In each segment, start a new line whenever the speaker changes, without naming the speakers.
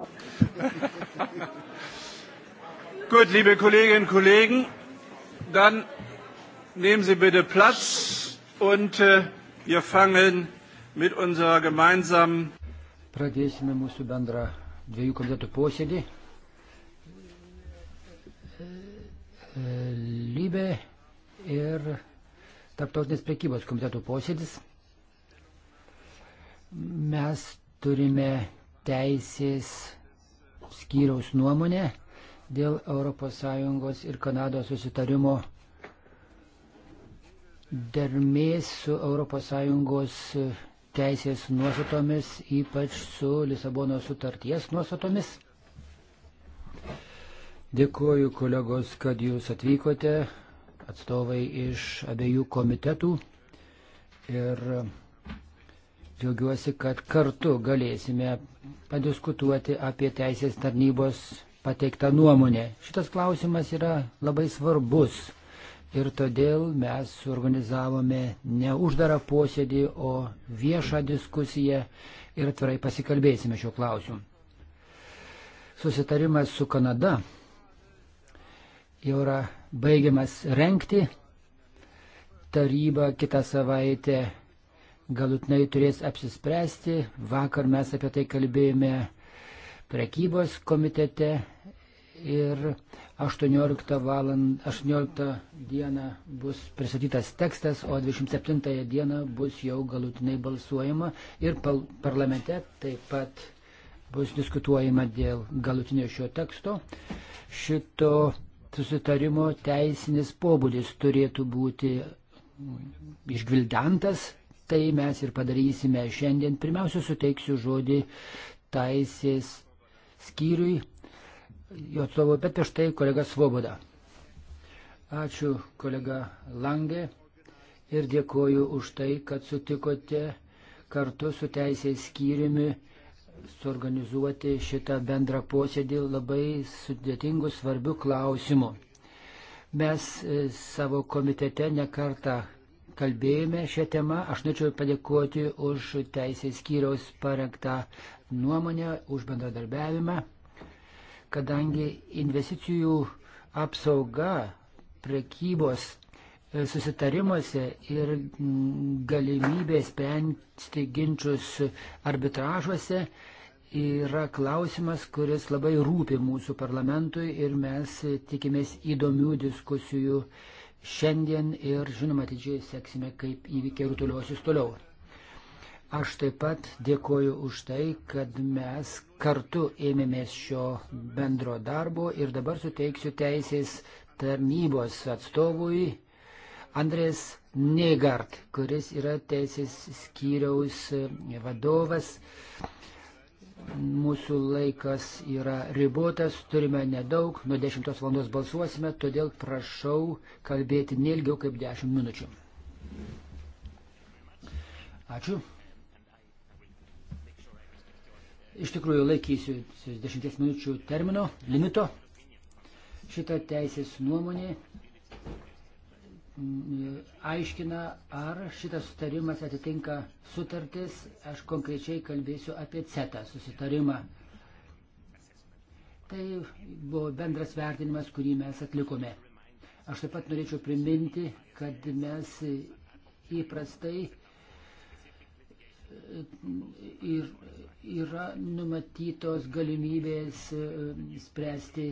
Gut, liebe Kolleginnen und Kollegen, dann
nehmen Sie bitte Platz und äh, wir fangen mit unserer
gemeinsamen. Pradėsime mūsų bendrą dviejų komitetų posėdį. Lybė ir Tarptautinės prekybos komitetų posėdis. Mes turime teisės skyriaus nuomonė dėl ES ir Kanados susitarimo dermės su ES teisės nuostatomis, ypač su Lisabono sutarties nuostatomis. Dėkuoju kolegos, kad jūs atvykote, atstovai iš abiejų komitetų. Ir Džiaugiuosi, kad kartu galėsime padiskutuoti apie teisės tarnybos pateiktą nuomonę. Šitas klausimas yra labai svarbus ir todėl mes suorganizavome ne uždarą posėdį, o viešą diskusiją ir atvirai pasikalbėsime šiuo klausimu. Susitarimas su Kanada jau yra baigiamas renkti. Taryba kitą savaitę galutinai turės apsispręsti. Vakar mes apie tai kalbėjome prekybos komitete ir 18, valand, 18 dieną bus pristatytas tekstas, o 27 dieną bus jau galutinai balsuojama ir pal, parlamente taip pat bus diskutuojama dėl galutinio šio teksto. Šito susitarimo teisinis pobūdis turėtų būti išgvildantas Tai mes ir padarysime šiandien. Pirmiausia, suteiksiu žodį taisės skyriui, jo atstovui, bet prieš tai kolega Svoboda. Ačiū kolega Langė ir dėkoju už tai, kad sutikote kartu su teisės skyriumi suorganizuoti šitą bendrą posėdį labai sudėtingų svarbių klausimų. Mes e, savo komitete nekartą kalbėjome šią temą. Aš norėčiau padėkoti už teisės skyriaus parengtą nuomonę, už bendradarbiavimą, kadangi investicijų apsauga prekybos e, susitarimuose ir galimybė spręsti ginčius arbitražuose yra klausimas, kuris labai rūpi mūsų parlamentui ir mes tikimės įdomių diskusijų uh, šiandien ir žinoma atidžiai seksime, kaip įvykiai rutuliuosius toliau. Aš taip pat dėkoju už tai, kad mes kartu ėmėmės šio bendro darbo ir dabar suteiksiu teisės tarnybos atstovui Andrės Negart, kuris yra teisės skyriaus vadovas mūsų laikas yra ribotas, turime nedaug, nuo 10 val. balsuosime, todėl prašau kalbėti nelgiau kaip 10 minučių. Ačiū. Iš tikrųjų laikysiu 10 minučių termino, limito. Šita teisės nuomonė Mm, aiškina, ar šitas sutarimas atitinka sutartis. Aš konkrečiai kalbėsiu apie CETA susitarimą. Tai buvo bendras vertinimas, kurį mes atlikome. Aš taip pat norėčiau priminti, kad mes įprastai e, ir yra numatytos galimybės e, spręsti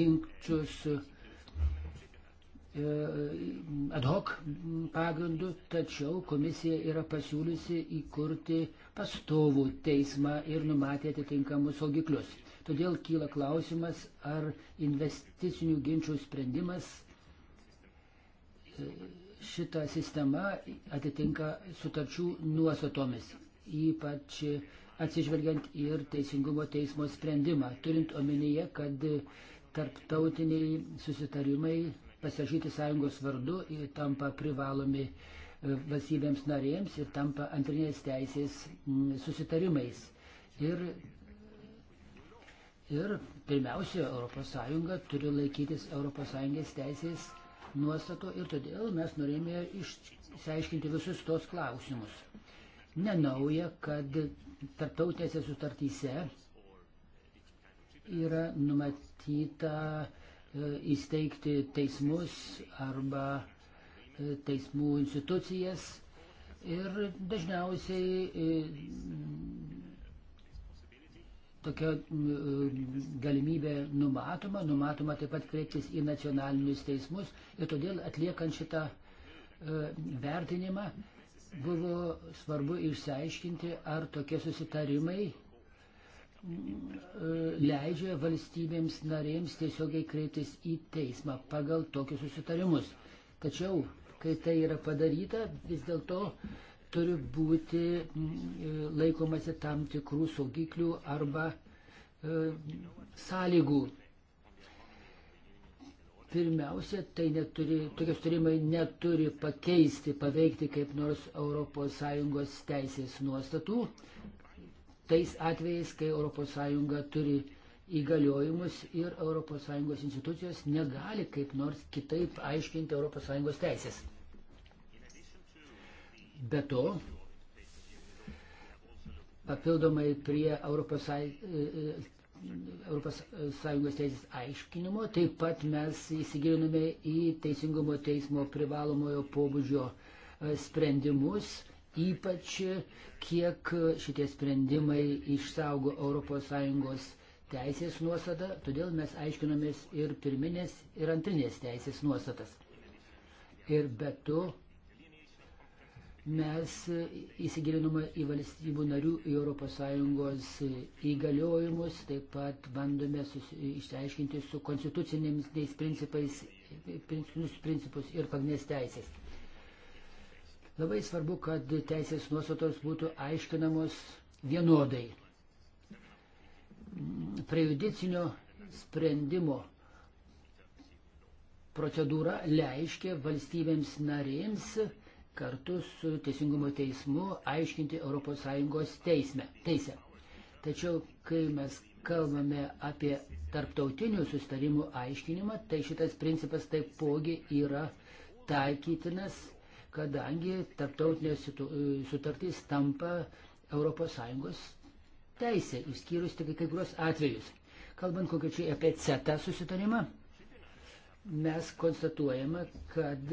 ginčius E, ad hoc pagrindu, tačiau komisija yra pasiūliusi įkurti pastovų teismą ir numatė atitinkamus saugiklius. Todėl kyla klausimas, ar investicinių ginčių sprendimas e, šita sistema atitinka sutarčių nuostatomis, ypač atsižvelgiant ir Teisingumo teismo sprendimą, turint omenyje, kad tarptautiniai susitarimai pasirašyti sąjungos vardu ir tampa privalomi e, valstybėms narėms ir tampa antrinės teisės susitarimais. Ir, ir pirmiausia, ES turi laikytis ES teisės nuostato ir todėl mes norėjome išsiaiškinti visus tos klausimus. Nenauja, kad tarptautinėse sutartyse yra numatyta uh, E, įsteigti teismus arba e, teismų institucijas ir dažniausiai e, tokia galimybė numatoma, numatoma taip pat kreiptis į nacionalinius teismus ir todėl atliekant šitą vertinimą buvo svarbu išsiaiškinti, ar tokie susitarimai leidžia valstybėms narėms tiesiogiai kreiptis į teismą pagal tokius susitarimus. Tačiau, kai tai yra padaryta, vis dėlto turi būti e, laikomasi tam tikrų saugiklių arba e, sąlygų. Pirmiausia, tai neturi, tokie sutarimai neturi pakeisti, paveikti kaip nors ES teisės nuostatų tais atvejais, kai ES turi įgaliojimus ir ES institucijos negali kaip nors kitaip aiškinti ES teisės. Be to, papildomai prie ES, ES e, teisės aiškinimo, taip pat mes įsigilinome į Teisingumo teismo privalomojo pobūdžio e, sprendimus ypač kiek šitie sprendimai išsaugo ES teisės nuostatą, todėl mes aiškinomės ir pirminės, ir antrinės teisės nuostatas. Ir be to mes įsigilinome į valstybių narių, į ES įgaliojimus, taip pat bandome išsiaiškinti su konstitucinėmis teis principais, principus ir pagrindinės teisės. Labai svarbu, kad teisės nuostatos būtų aiškinamos vienodai. Prejudicinio sprendimo procedūra leiškia valstybėms narėms kartu su Teisingumo teismu aiškinti ES teisme, teisę. Tačiau, kai mes kalbame apie tarptautinių sustarimų aiškinimą, tai šitas principas taipogi yra taikytinas kadangi tarptautinės sutartys tampa ES teisė, išskyrus tik kai kurios atvejus. Kalbant konkrečiai apie CETA susitarimą, mes konstatuojame, kad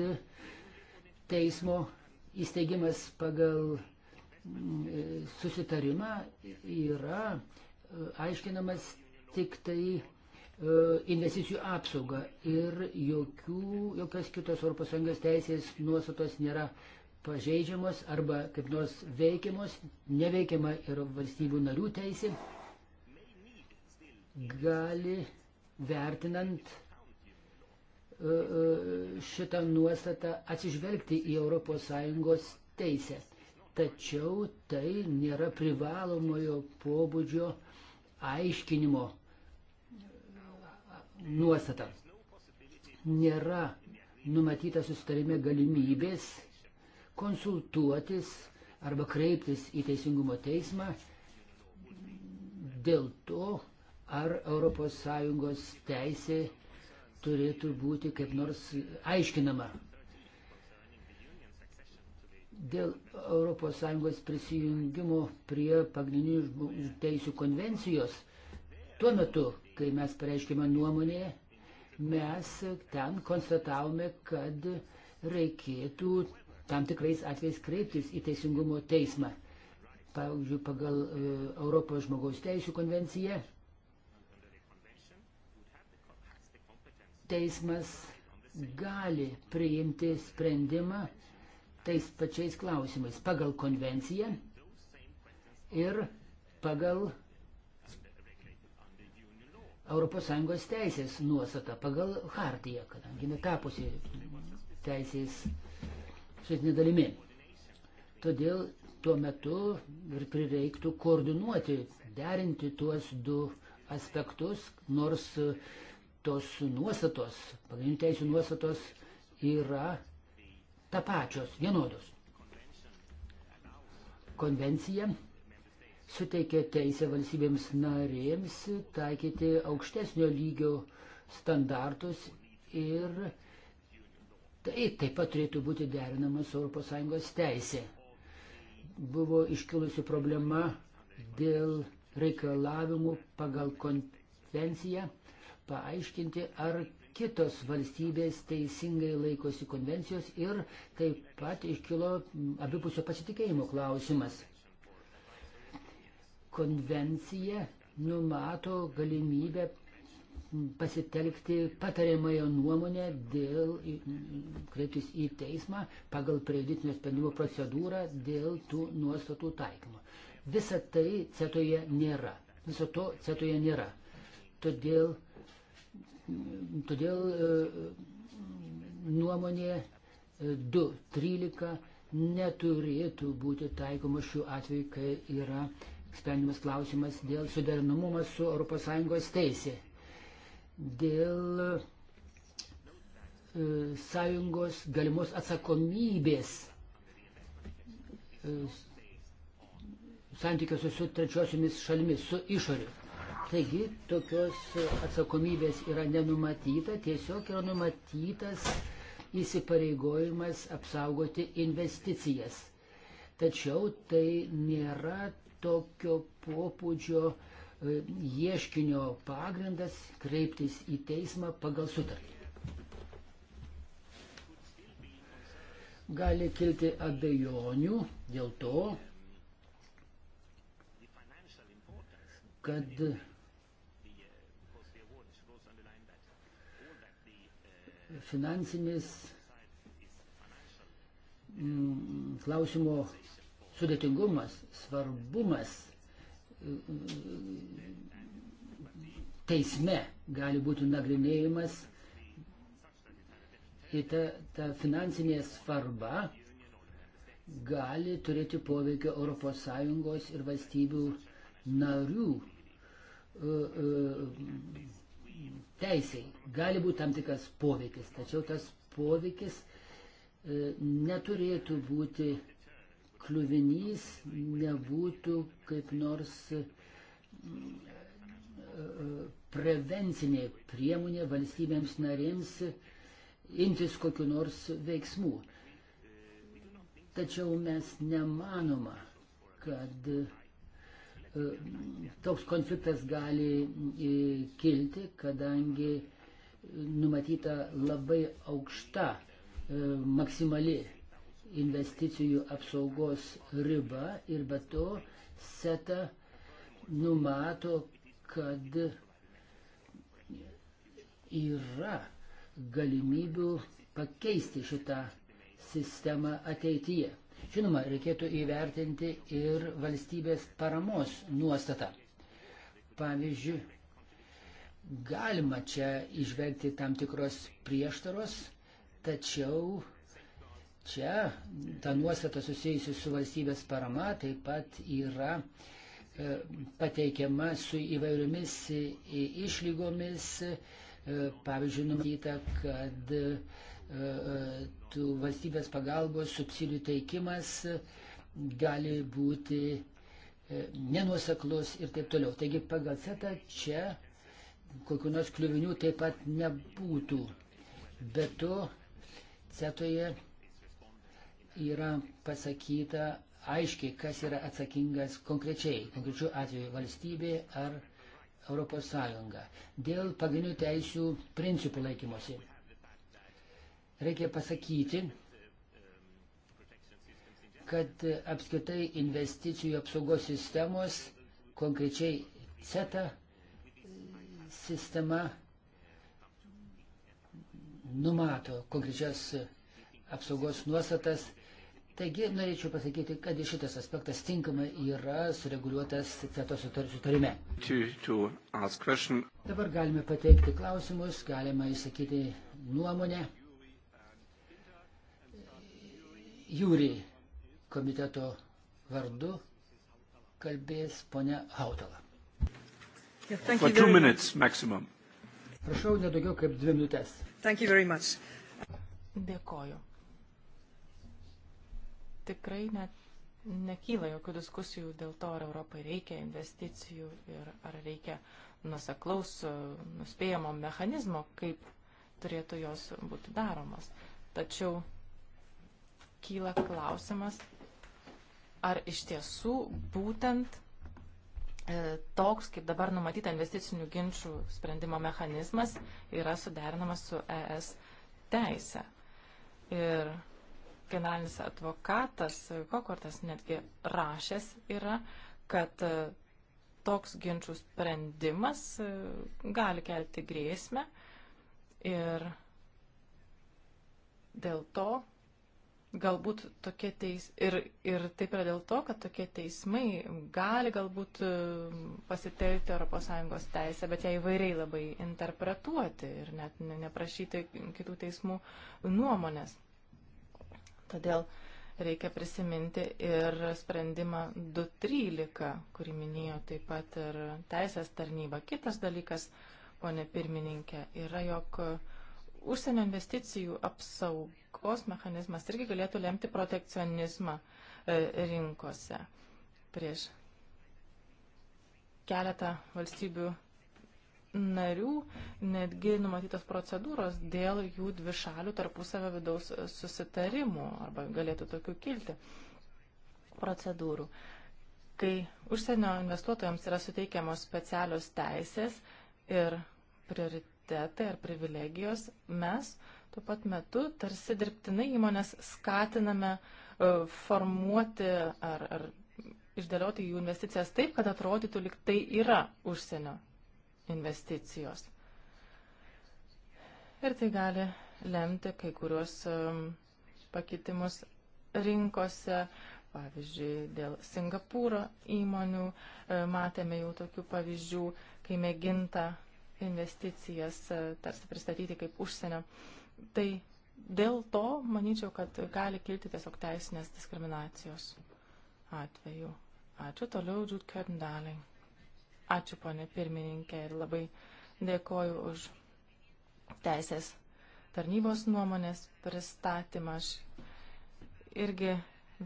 teismo įsteigimas pagal mm, susitarimą yra e, aiškinamas tik tai E, investicijų apsaugą ir jokių, jokios kitos ES teisės nuostatos nėra pažeidžiamos arba kaip nors veikiamos, neveikiama ir valstybių narių teisė, gali vertinant e, e, šitą nuostatą atsižvelgti į ES teisę. Tačiau tai nėra privalomojo pobūdžio aiškinimo nuostata. Nėra numatyta susitarime galimybės konsultuotis arba kreiptis į Teisingumo teismą dėl to, ar ES teisė turėtų būti kaip nors aiškinama. Dėl ES prisijungimo prie pagrindinių teisų konvencijos tuo metu kai mes pareiškime nuomonę, mes ten konstatavome, kad reikėtų tam tikrais atvejais kreiptis į Teisingumo teismą. Pavyzdžiui, pagal e, Europos žmogaus teisų konvenciją teismas gali priimti sprendimą tais pačiais klausimais pagal konvenciją ir pagal ES teisės nuostata pagal hartiją, kadangi jinai tapusi teisės švietinė dalimi. Todėl tuo metu ir prireiktų koordinuoti, derinti tuos du aspektus, nors tos nuostatos, pagrindinių teisų nuostatos yra tapačios, vienodos. Konvencija suteikia teisę valstybėms narėms taikyti aukštesnio lygio standartus ir tai taip pat turėtų būti derinama su ES teisė. Buvo iškilusi problema dėl reikalavimų pagal konvenciją paaiškinti, ar kitos valstybės teisingai laikosi konvencijos ir taip pat iškilo abipusio pasitikėjimo klausimas konvencija numato galimybę pasitelkti patariamąją nuomonę dėl kreiptis į teismą pagal prejudicinio sprendimo procedūrą dėl tų nuostatų taikymo. Visa tai cetoje nėra. Viso to cetoje nėra. Todėl, todėl e, nuomonė 2.13 e, neturėtų būti taikoma šiuo atveju, kai yra sprendimas klausimas dėl suderinamumo su ES teisė, dėl e, sąjungos galimos atsakomybės e, santykiuose su trečiosiomis šalimis, su išoriu. Taigi tokios atsakomybės yra nenumatyta, tiesiog yra numatytas įsipareigojimas apsaugoti investicijas. Tačiau tai nėra tokio popūdžio e, ieškinio pagrindas kreiptis į teismą pagal sutartį. Gali kilti abejonių dėl to,
kad finansinis
mm, klausimo sudėtingumas, svarbumas teisme gali būti nagrinėjimas ir ta, ta finansinė svarba gali turėti poveikio ES ir valstybių narių e, e, teisiai. Gali būti tam tikras poveikis, tačiau tas poveikis e, neturėtų būti kliuvinys nebūtų kaip nors e, e, prevencinė priemonė valstybėms narėms imtis kokiu nors veiksmų. Tačiau mes nemanoma, kad e, toks konfliktas gali kilti, kadangi numatyta labai aukšta maksimali investicijų apsaugos ribą ir be to SETA numato, kad yra galimybių pakeisti šitą sistemą ateityje. Žinoma, reikėtų įvertinti ir valstybės paramos nuostatą. Pavyzdžiui, galima čia išvelgti tam tikros prieštaros, tačiau Čia ta nuostata susijusi su valstybės parama taip pat yra e, pateikiama su įvairiomis išlygomis. E, pavyzdžiui, numatyta, kad e, tų valstybės pagalbos subsidijų teikimas gali būti nenuoseklus ir taip toliau. Taigi pagal setą čia kokių nors kliuvinių taip pat nebūtų. Bet to cetoje yra pasakyta aiškiai, kas yra atsakingas konkrečiai, konkrečiu atveju valstybė ar ES, dėl pagrindinių teisių principų laikymosi. Reikia pasakyti, kad apskritai investicijų apsaugos sistemos, konkrečiai CETA sistema, numato konkrečias apsaugos nuostatas Taigi norėčiau pasakyti, kad šitas aspektas tinkamai yra sureguliuotas CETO sutarime.
To, to
Dabar galime pateikti klausimus, galima įsakyti nuomonę. Jūri komiteto vardu kalbės ponia Hautala. Yeah, For two minutes maximum. Prašau, nedaugiau kaip dvi minutės. Dėkoju
tikrai net nekyla jokių diskusijų dėl to, ar Europai reikia investicijų ir ar reikia nuseklaus, nuspėjamo mechanizmo, kaip turėtų jos būti daromas. Tačiau kyla klausimas, ar iš tiesų būtent e, toks, kaip dabar numatyta investicinių ginčių sprendimo mechanizmas, yra suderinamas su ES teise. Ir generalinis advokatas Kokortas netgi rašęs yra, kad e, toks ginčių sprendimas e, gali kelti grėsmę ir dėl to galbūt tokie teis ir, ir taip yra dėl to, kad tokie teismai gali galbūt e, pasitelkti ES teisę, bet ją įvairiai labai interpretuoti ir net neprašyti kitų teismų nuomonės. Todėl reikia prisiminti ir sprendimą 213, kurį minėjo taip pat ir teisės tarnyba. Kitas dalykas, ponė pirmininkė, yra, jog užsienio investicijų apsaugos mechanizmas irgi galėtų lemti protekcionizmą e, rinkose. Prieš keletą valstybių narių netgi numatytos procedūros dėl jų dvišalių tarpusavio vidaus susitarimų arba galėtų tokių kilti procedūrų. Kai užsienio investuotojams yra suteikiamos specialios teisės ir prioritetai ar privilegijos, mes tuo pat metu tarsi dirbtinai įmonės skatiname e, formuoti ar, ar išdėlioti jų investicijas taip, kad atrodytų, lyg tai yra užsienio investicijos. Ir tai gali lemti kai kurios um, pakitimus rinkose, pavyzdžiui, dėl Singapūro įmonių e, matėme jau tokių pavyzdžių, kai mėginta investicijas e, tarsi pristatyti kaip užsienio. Tai dėl to, manyčiau, kad gali kilti tiesiog teisinės diskriminacijos atveju. Ačiū toliau, Jude Kerndaling. Ačiū, ponė pirmininkė, ir labai dėkoju už teisės tarnybos nuomonės pristatymą. Aš irgi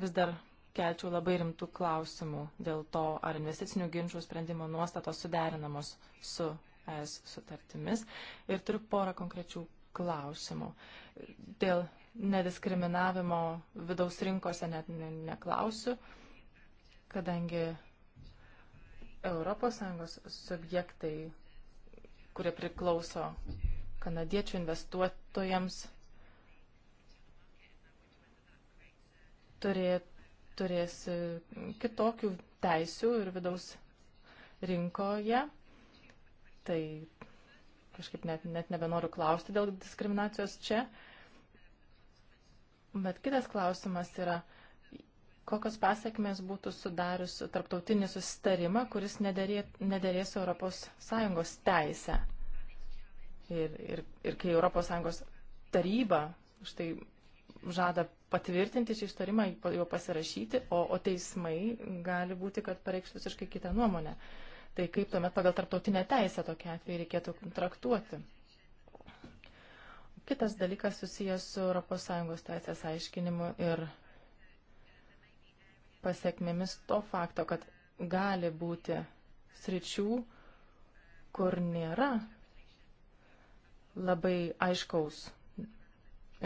vis dar kelčiau labai rimtų klausimų dėl to, ar investicinių ginčių sprendimo nuostatos suderinamos su ES sutartimis. Ir turiu porą konkrečių klausimų. Dėl nediskriminavimo vidaus rinkose net neklausiu, kadangi ES subjektai, kurie priklauso kanadiečių investuotojams, turė, turės e, kitokių teisių ir vidaus rinkoje. Tai kažkaip net, net nebenoriu klausti dėl diskriminacijos čia. Bet kitas klausimas yra, kokios pasiekmes būtų sudarius tarptautinį susitarimą, kuris nederės ES teisę. Ir, ir, ir kai ES taryba štai žada patvirtinti šį ištarimą, jo pasirašyti, o, o teismai gali būti, kad pareikš visiškai kitą nuomonę. Tai kaip tuomet pagal tarptautinę teisę tokia atveju reikėtų traktuoti? Kitas dalykas susijęs su ES teisės aiškinimu ir pasiekmėmis to fakto, kad gali būti sričių, kur nėra labai aiškaus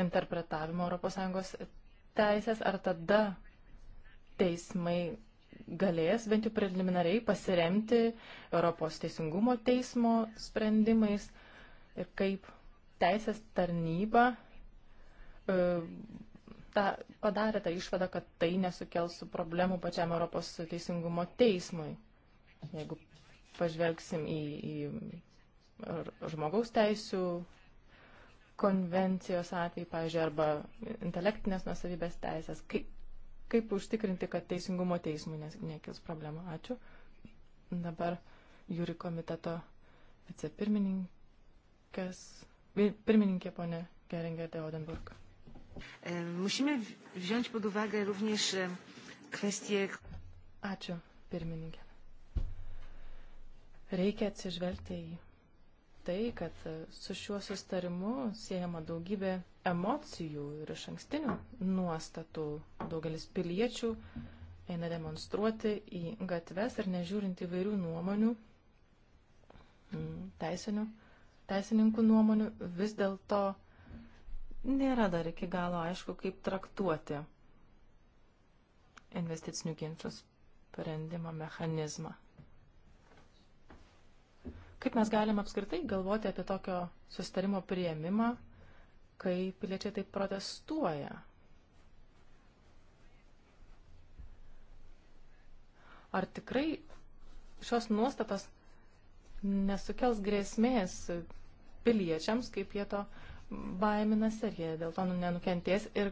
interpretavimo ES teisės, ar tada teismai galės bent jau preliminariai pasiremti Europos teisingumo teismo sprendimais ir kaip teisės tarnyba e, ta, padarė tą išvadą, kad tai nesukels problemų pačiam Europos teisingumo teismui. Jeigu pažvelgsim į, į žmogaus teisų konvencijos atvejį, pavyzdžiui, arba intelektinės nusavybės teisės, kaip, kaip užtikrinti, kad teisingumo teismui nekils problemų. Ačiū. Dabar jūri komiteto vicepirmininkas, pirmininkė ponė Geringė Deodenburg. E, musimy wziąć pod uwagę również e, kwestię. Ačiū, pirmininkė. Reikia atsižvelgti į tai, kad e, su šiuo sustarimu siejama daugybė emocijų ir iš ankstinių nuostatų. Daugelis piliečių eina demonstruoti į gatves ir nežiūrint įvairių nuomonių, teisinių, teisininkų nuomonių, vis dėlto nėra dar iki galo aišku, kaip traktuoti investicinių ginčių sprendimo mechanizmą. Kaip mes galime apskritai galvoti apie tokio sustarimo prieimimą, kai piliečiai taip protestuoja? Ar tikrai šios nuostatos nesukels grėsmės piliečiams, kaip jie to uh, baiminasi, ar jie dėl to nu nenukentės ir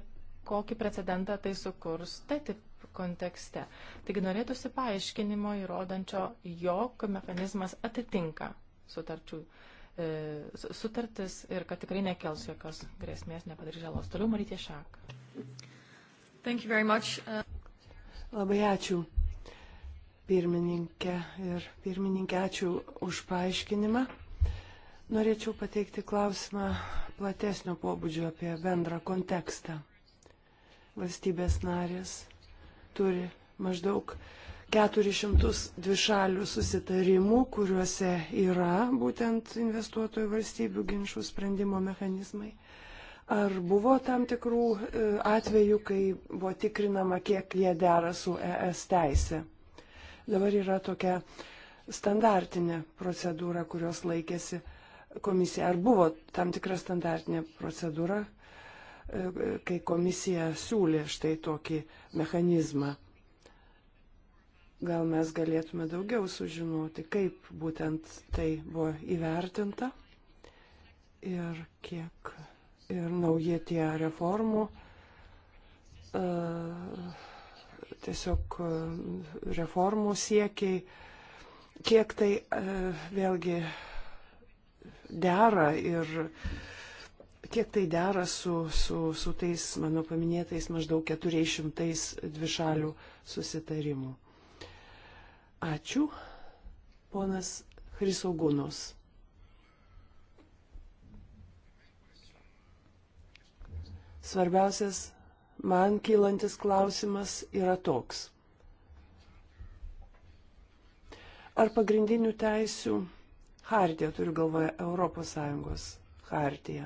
kokį precedentą tai sukurs TTIP tai kontekste. Taigi norėtųsi paaiškinimo įrodančio, jog mechanizmas atitinka sutarčių, e, sutartis ir kad tikrai nekels jokios grėsmės, nepadarys žalos. Toliau Marytė Šak. Uh...
Labai ačiū. Pirmininkė ir pirmininkė, ačiū už paaiškinimą. Norėčiau pateikti klausimą platesnio pobūdžio apie bendrą kontekstą. Valstybės narės turi maždaug 400 dvišalių susitarimų, kuriuose yra būtent investuotojų valstybių ginčių sprendimo mechanizmai. Ar buvo tam tikrų e, atvejų, kai buvo tikrinama, kiek jie dera su ES teisė? Dabar yra tokia standartinė procedūra, kurios laikėsi komisija, ar buvo tam tikra standartinė procedūra, e, kai komisija siūlė štai tokį mechanizmą. Gal mes galėtume daugiau sužinoti, kaip būtent tai buvo įvertinta ir kiek ir nauji tie reformų. E, tiesiog e, reformų siekiai, kiek tai vėlgi dera ir kiek tai dera su, su, su tais mano paminėtais maždaug 400 dvišalių susitarimų. Ačiū, ponas Hrisaugunos. Svarbiausias man kylantis klausimas yra toks. Ar pagrindinių teisių Hartija, turiu galvoje ES hartiją.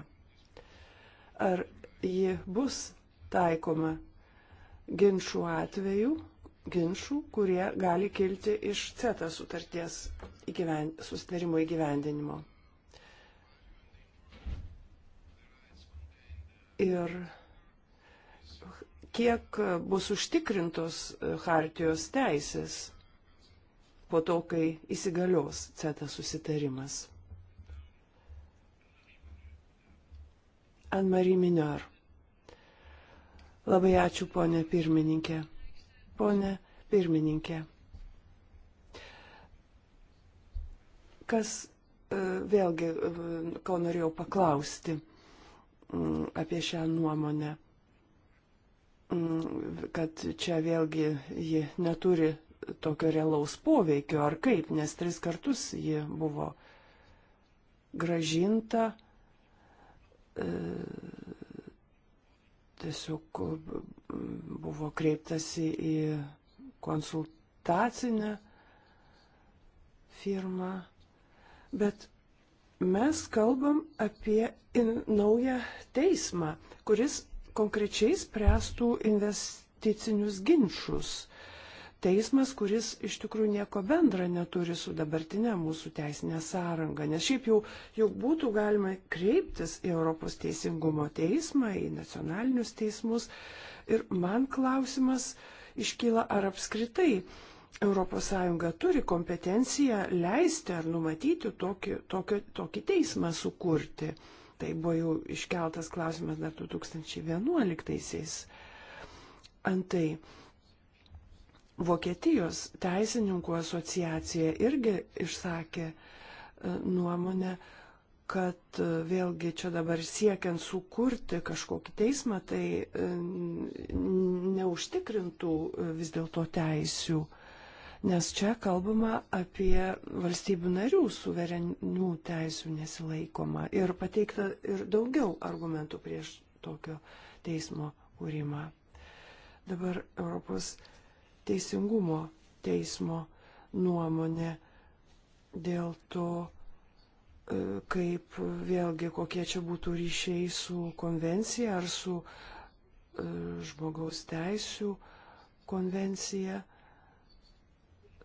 Ar ji bus taikoma ginčių atveju, ginčių, kurie gali kilti iš CETA sutarties įgyven, susitarimo įgyvendinimo. Ir kiek bus užtikrintos hartijos teisės po to, kai įsigalios CETA susitarimas. Anne-Marie Minor. Labai ačiū, ponė pirmininkė. Pone pirmininkė. Kas e, vėlgi, e, ko norėjau paklausti mm, apie šią nuomonę, mm, kad čia vėlgi ji neturi tokio realaus poveikio ar kaip, nes tris kartus ji buvo gražinta e, tiesiog e, buvo kreiptasi į konsultacinę firmą, bet mes kalbam apie naują teismą, kuris konkrečiai spręstų investicinius ginčius teismas, kuris iš tikrųjų nieko bendra neturi su dabartinė mūsų teisinė sąranga. Nes šiaip jau, jau būtų galima kreiptis į Europos teisingumo teismą, į nacionalinius teismus. Ir man klausimas iškyla, ar apskritai ES turi kompetenciją leisti ar numatyti tokį, tokį, tokį teismą sukurti. Tai buvo jau iškeltas klausimas dar 2011. Antai Vokietijos teisininkų asociacija irgi išsakė e, nuomonę, kad e, vėlgi čia dabar siekiant sukurti kažkokį teismą, tai e, neužtikrintų vis dėlto teisių. Nes čia kalbama apie valstybių narių suverenių teisių nesilaikomą ir pateikta ir daugiau argumentų prieš tokio teismo kūrimą. Dabar Europos teisingumo teismo nuomonė dėl to, e, kaip vėlgi kokie čia būtų ryšiai su konvencija ar su e, žmogaus teisų konvencija,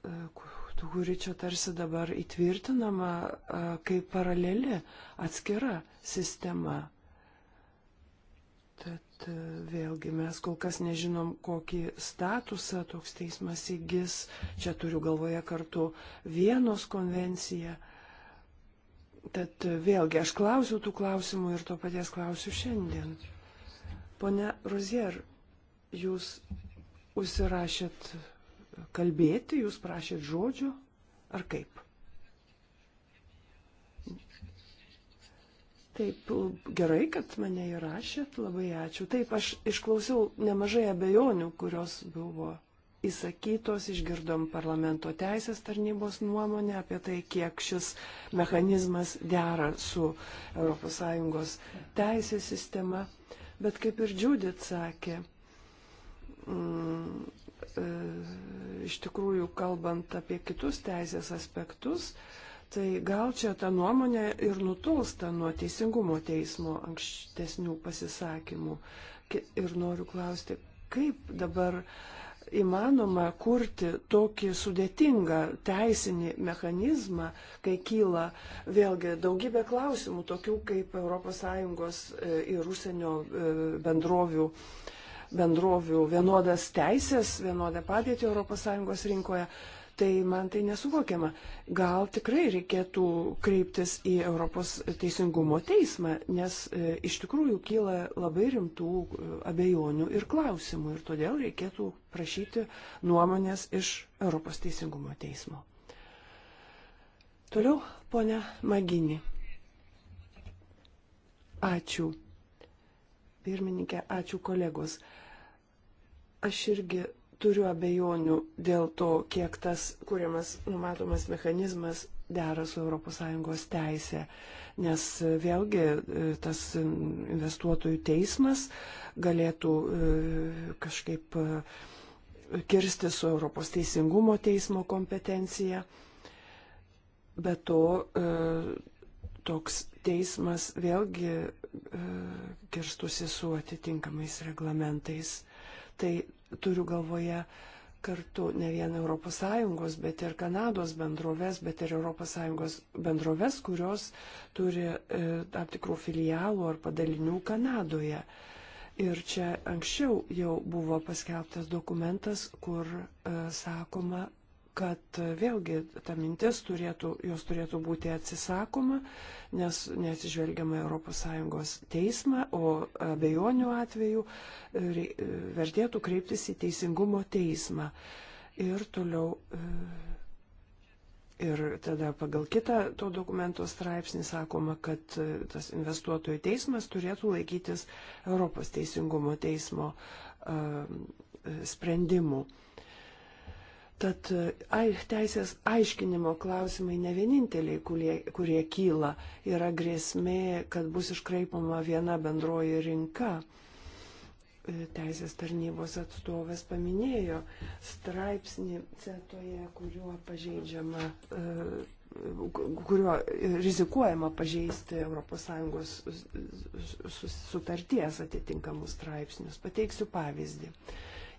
e, kuri čia tarsi dabar įtvirtinama kaip paralelė atskira sistema. Tad Bet vėlgi mes kol kas nežinom, kokį statusą toks teismas įgis. Čia turiu galvoje kartu vienos konvenciją. Tad e, vėlgi aš klausiu tų klausimų ir to paties klausiu šiandien. Pone Rozier, jūs užsirašėt kalbėti, jūs prašėt žodžio, ar kaip? Taip, gerai, kad mane įrašėt, labai ačiū. Taip, aš išklausiau nemažai abejonių, kurios buvo įsakytos, išgirdom parlamento teisės tarnybos nuomonę apie tai, kiek šis mechanizmas dera su ES teisės sistema. Bet kaip ir Džiudit sakė, mm, e, iš tikrųjų kalbant apie kitus teisės aspektus, e, Tai gal čia ta nuomonė ir nutolsta nuo teisingumo teismo ankstesnių pasisakymų. Ir noriu klausti, kaip dabar įmanoma kurti tokį sudėtingą teisinį mechanizmą, kai kyla vėlgi daugybė klausimų, tokių kaip ES e, ir užsienio e, bendrovių bendrovių vienodas teisės, vienodą padėtį ES rinkoje tai man tai nesuvokiama. Gal tikrai reikėtų kreiptis į Europos teisingumo teismą, nes e, iš tikrųjų kyla labai rimtų e, abejonių ir klausimų ir todėl reikėtų prašyti nuomonės iš Europos teisingumo teismo. Toliau, ponia Magini. Ačiū. Pirmininkė, ačiū kolegos. Aš irgi turiu abejonių dėl to, kiek tas kuriamas numatomas mechanizmas dera su ES teisė, nes e, vėlgi e, tas investuotojų teismas galėtų e, kažkaip kirsti su Europos teisingumo teismo kompetencija. Be to, toks teismas vėlgi kirstusi su atitinkamais reglamentais. Tai turiu galvoje kartu ne vien ES, bet ir Kanados bendrovės, bet ir ES bendrovės, kurios turi e, tam tikrų filialų ar padalinių Kanadoje. Ir čia anksčiau jau buvo paskelbtas dokumentas, kur e, sakoma, kad vėlgi ta mintis turėtų, jos turėtų būti atsisakoma, nes neatsižvelgiama ES teismą, o abejonių atveju e, e, vertėtų kreiptis į teisingumo teismą. Ir toliau. E, ir tada pagal kitą to dokumento straipsnį sakoma, kad tas investuotojų teismas turėtų laikytis Europos teisingumo teismo sprendimų. Uh, Tad e, ai, teisės aiškinimo klausimai ne vieninteliai, kurie, kurie kyla, yra grėsmė, kad bus iškraipama viena bendroji rinka. E, teisės tarnybos atstovas paminėjo straipsnį cetoje, kuriuo pažeidžiama e, kuriuo rizikuojama pažeisti ES sutarties atitinkamus straipsnius. Pateiksiu pavyzdį.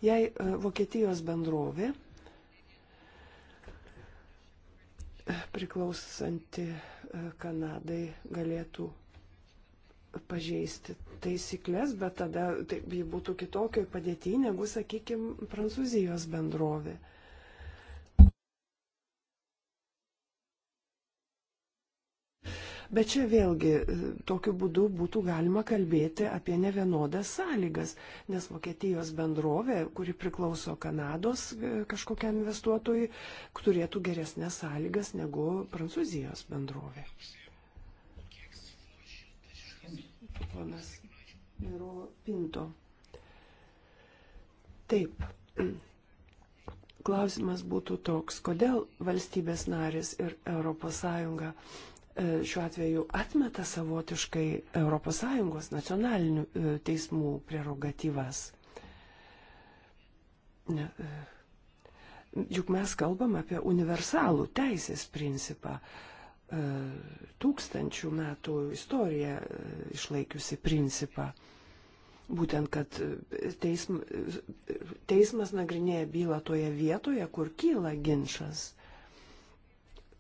Jei Vokietijos bendrovė priklausanti e, Kanadai galėtų pažeisti taisyklės, bet tada tai būtų kitokioj padėtyje negu, sakykime, Prancūzijos bendrovė. Bet čia vėlgi e, tokiu būdu būtų galima kalbėti apie nevienodas sąlygas, nes Vokietijos bendrovė, kuri priklauso Kanados e, kažkokiam investuotojui, turėtų geresnės sąlygas negu Prancūzijos bendrovė. Ponas Miro Pinto. Taip klausimas būtų toks, kodėl valstybės narės ir ES E, šiuo atveju atmeta savotiškai ES nacionalinių e, teismų prerogatyvas. Ne, e, juk mes kalbam apie universalų teisės principą, tūkstančių metų istoriją išlaikiusi principą. Būtent, kad teism, teismas nagrinėja bylą toje vietoje, kur kyla ginčas.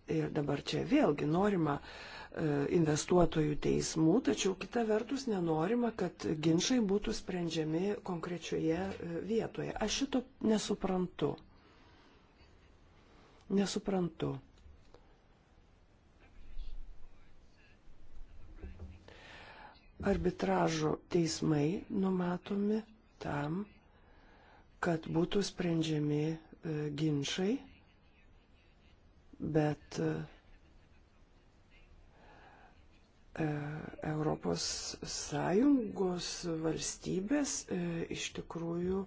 Ir dabar čia vėlgi norima e, investuotojų teismų, tačiau kita vertus nenorima, kad ginčiai būtų sprendžiami konkrečioje e, vietoje. Aš šito nesuprantu. Nesuprantu. Arbitražo teismai numatomi tam, kad būtų sprendžiami e, ginčiai bet e, e, Europos Sąjungos valstybės e, iš tikrųjų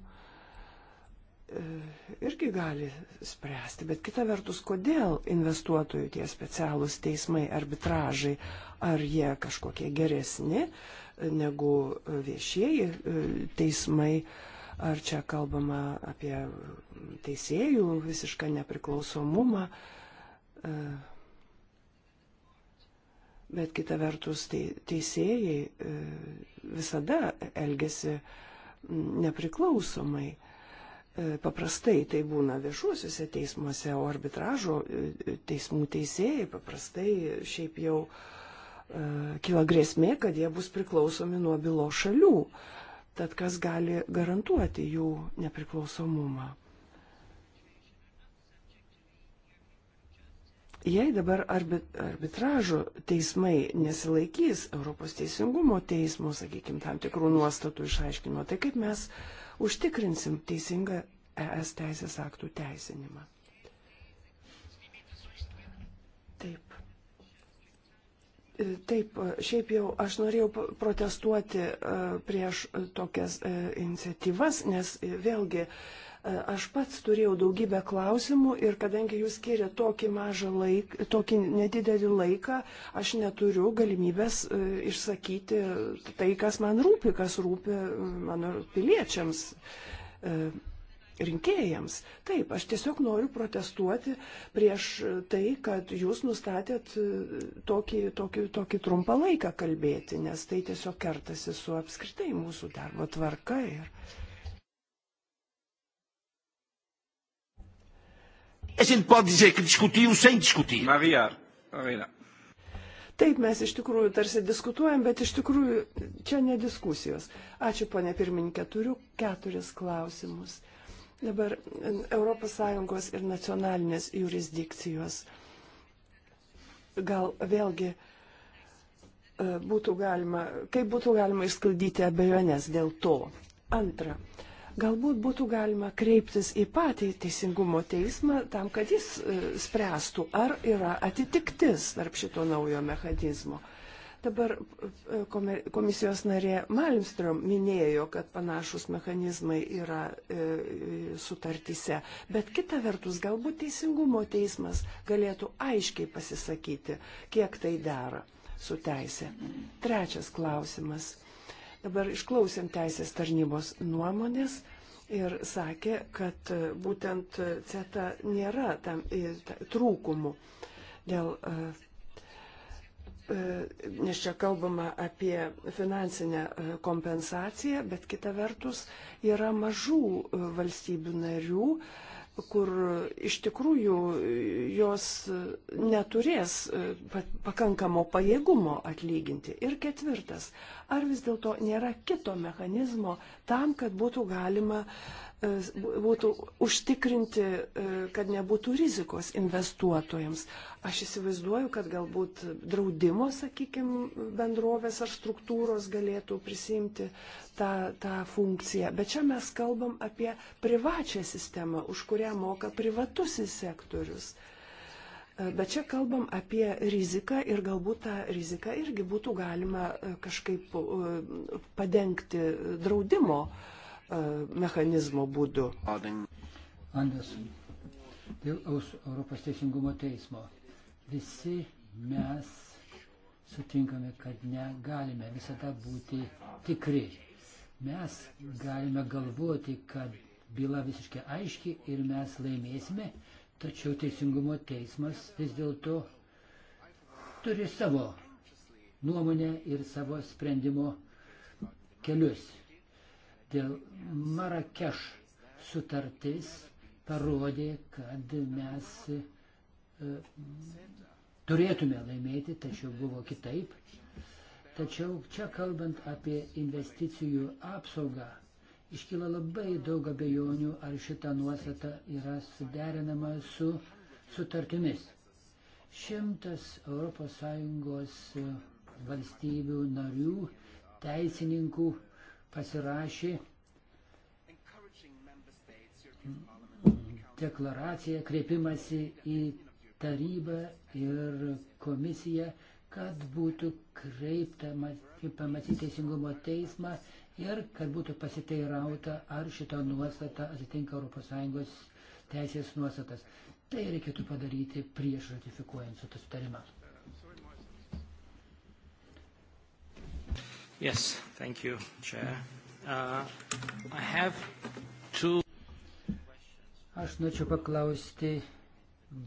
irgi gali spręsti. Bet kita vertus, kodėl investuotojų tie specialūs teismai, arbitražai, ar jie kažkokie geresni negu viešieji teismai, ar čia kalbama apie teisėjų visišką nepriklausomumą. Uh, E, bet kita vertus, teisėjai e, visada elgesi nepriklausomai. E, paprastai tai būna viešuosiuose teismuose, o arbitražo teismų teisėjai paprastai šiaip jau kyla grėsmė, kad jie bus priklausomi nuo bylo šalių. Tad kas gali garantuoti jų nepriklausomumą? Jei dabar arbitražo teismai nesilaikys Europos teisingumo teismo, sakykime, tam tikrų nuostatų išaiškinimo, tai kaip mes užtikrinsim teisingą ES teisės aktų teisinimą? Taip. E, taip, e, šiaip jau aš norėjau protestuoti e, prieš tokias iniciatyvas, nes vėlgi uh, E, aš pats turėjau daugybę klausimų ir kadangi jūs skiriate tokį mažą laiką, tokį nedidelį laiką, aš neturiu galimybės e, išsakyti tai, kas man rūpi, kas rūpi e, mano piliečiams rinkėjams. Taip, aš tiesiog noriu protestuoti prieš tai, kad jūs nustatėt tokį, tokį, tokį trumpą laiką kalbėti, nes tai tiesiog kertasi su apskritai mūsų darbo tvarka. Ir...
A gente pode dizer que discutiu sem
discutir. Marija, Marija.
Taip, mes iš tikrųjų tarsi diskutuojam, bet iš tikrųjų čia ne diskusijos. Ačiū, ponė pirmininkė, turiu keturis klausimus. Dabar ES ir nacionalinės jurisdikcijos. Gal vėlgi e, būtų galima, kaip būtų galima išsklaidyti abejonės dėl to. Antra, uh, Galbūt būtų galima kreiptis į patį teisingumo teismą tam, kad jis e, spręstų, ar yra atitiktis tarp šito naujo mechanizmo. Dabar e, komisijos narė Malmström minėjo, kad panašus mechanizmai yra e, sutartyse, bet kita vertus galbūt teisingumo teismas galėtų aiškiai pasisakyti, kiek tai dera su teisė. Trečias klausimas Dabar išklausėm teisės tarnybos nuomonės ir sakė, kad e, būtent e, CETA nėra tam e, trūkumų dėl nes čia kalbama apie finansinę kompensaciją, bet kita vertus yra mažų valstybių narių, kur iš tikrųjų jos neturės e, pakankamo pajėgumo atlyginti. Ir ketvirtas, ar vis dėlto nėra kito mechanizmo tam, kad būtų galima uh, E, būtų užtikrinti, e, kad nebūtų rizikos investuotojams. Aš įsivaizduoju, kad galbūt draudimo, sakykime, bendrovės ar struktūros galėtų prisimti tą, tą funkciją. Bet čia mes kalbam apie privačią sistemą, už kurią moka privatusis sektorius. E, bet čia kalbam apie riziką ir galbūt tą riziką irgi būtų galima kažkaip padengti draudimo uh, E, mechanizmo būdu.
Anderson, dėl Europos teisingumo teismo. Visi mes sutinkame, kad negalime visada būti tikri. Mes galime galvoti, kad byla visiškai aiški ir mes laimėsime, tačiau teisingumo teismas vis dėlto turi savo nuomonę ir savo sprendimo kelius. Dėl Marakeš sutartis parodė, kad mes e, turėtume laimėti, tačiau buvo kitaip. Tačiau čia kalbant apie investicijų apsaugą, iškyla labai daug abejonių, ar šita nuostata yra suderinama su sutartimis. Šimtas ES e, valstybių narių teisininkų pasirašė deklaraciją, kreipimasi į tarybą ir komisiją, kad būtų kreipta pamatyti teisingumo teismą ir kad būtų pasiteirauta, ar šita nuostata atitinka ES teisės nuostatas. Tai reikėtų padaryti prieš ratifikuojant sutarimą.
Yes. Thank you, Chair.
Uh, I have
two Aš norėčiau paklausti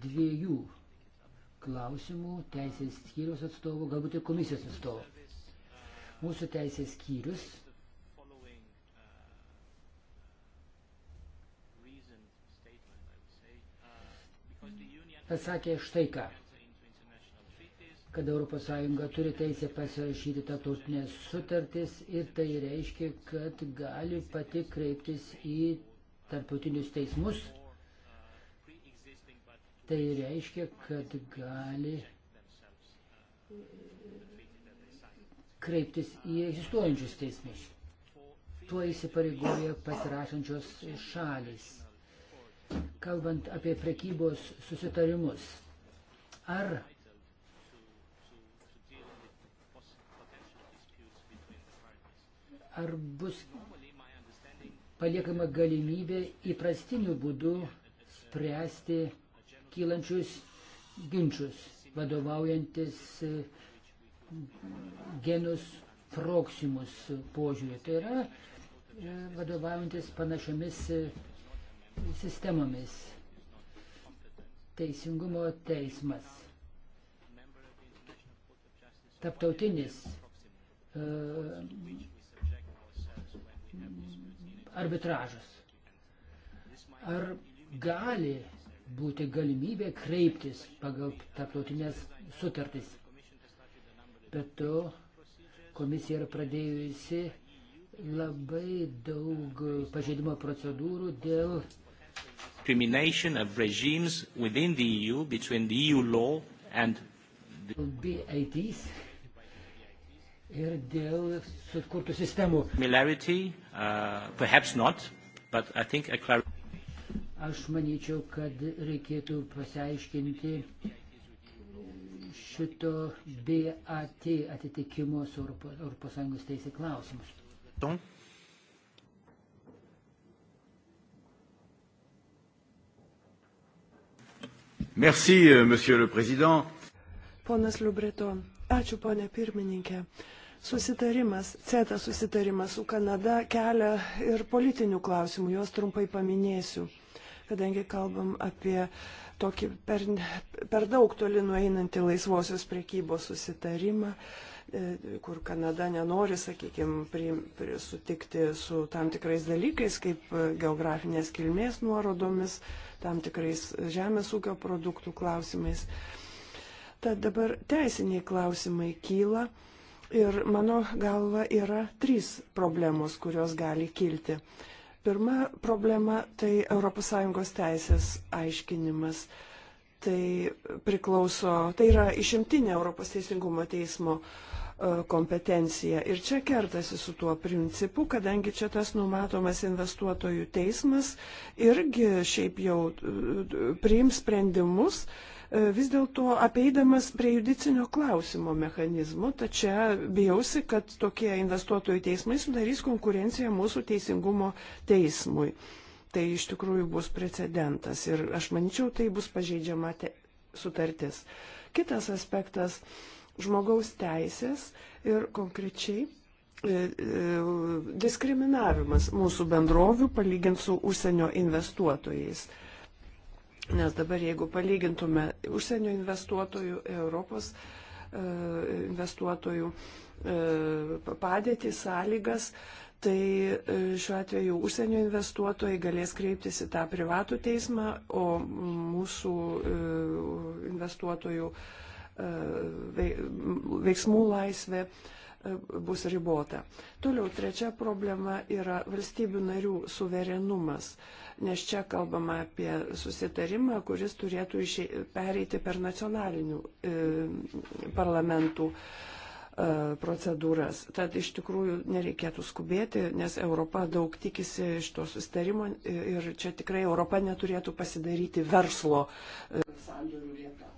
dviejų klausimų teisės skyrius atstovų, galbūt ir komisijos atstovų. Mūsų teisės skyrius pasakė štai ką kad ES turi teisę pasirašyti tarptautinės sutartis ir tai reiškia, kad gali pati kreiptis į tarptautinius teismus. Tai reiškia, kad gali
e,
kreiptis į egzistuojančius teismus. Tuo įsipareigoja pasirašančios šalis. Kalbant apie prekybos susitarimus, ar ar bus paliekama galimybė įprastiniu būdu spręsti kylančius ginčius, vadovaujantis e, genus proksimus požiūrį. Tai yra e, vadovaujantis panašiomis e, sistemomis. Teisingumo teismas. Taptautinis arbitražas? Ar gali būti galimybė kreiptis pagal tarptautinės sutartys? Bet to komisija yra pradėjusi labai daug pažeidimo procedūrų dėl
discrimination of regimes within the EU between the EU law and the
BATs ir dėl sukurtų sistemų.
Uh, not,
Aš manyčiau, kad reikėtų pasiaiškinti šito BAT atitikimo su Europos Sąjungos teisė klausimus. Tom? Merci, euh, monsieur le président.
Ponas Liubreto, ačiū ponė pirmininkė. Uh, susitarimas, CETA susitarimas su Kanada kelia ir politinių klausimų, juos trumpai paminėsiu, kadangi kalbam apie tokį per, per daug toli nueinantį laisvosios priekybos susitarimą e, kur Kanada nenori, sakykime, sutikti su tam tikrais dalykais, kaip geografinės kilmės nuorodomis, tam tikrais žemės ūkio produktų klausimais. Tad dabar teisiniai klausimai kyla. Ir mano galva yra trys problemos, kurios gali kilti. Pirma problema tai ES teisės aiškinimas. Tai priklauso, tai yra išimtinė Europos teisingumo teismo e, kompetencija. Ir čia kertasi su tuo principu, kadangi čia tas numatomas investuotojų teismas irgi šiaip jau e, priims sprendimus, uh, E, vis dėlto apeidamas prie judicinio klausimo mechanizmo, tačiau bijausi, kad tokie investuotojų teismai sudarys konkurenciją mūsų teisingumo teismui. Tai iš tikrųjų bus precedentas ir aš manyčiau, tai bus pažeidžiama te sutartis. Kitas aspektas - žmogaus teisės ir konkrečiai e, e, diskriminavimas mūsų bendrovių palygint su užsienio investuotojais. Nes dabar, jeigu palygintume užsienio investuotojų, Europos e, investuotojų e, padėtį, sąlygas, tai e, šiuo atveju užsienio investuotojai galės kreiptis į tą privatų teismą, o mūsų investuotojų veiksmų laisvė bus ribota. Toliau trečia problema yra valstybių narių suverenumas nes čia kalbama apie susitarimą, kuris turėtų išė, pereiti per nacionalinių e, parlamentų e, procedūras. Tad iš tikrųjų nereikėtų skubėti, nes Europa daug tikisi iš to susitarimo ir čia tikrai Europa neturėtų pasidaryti verslo e, sandorių vietą.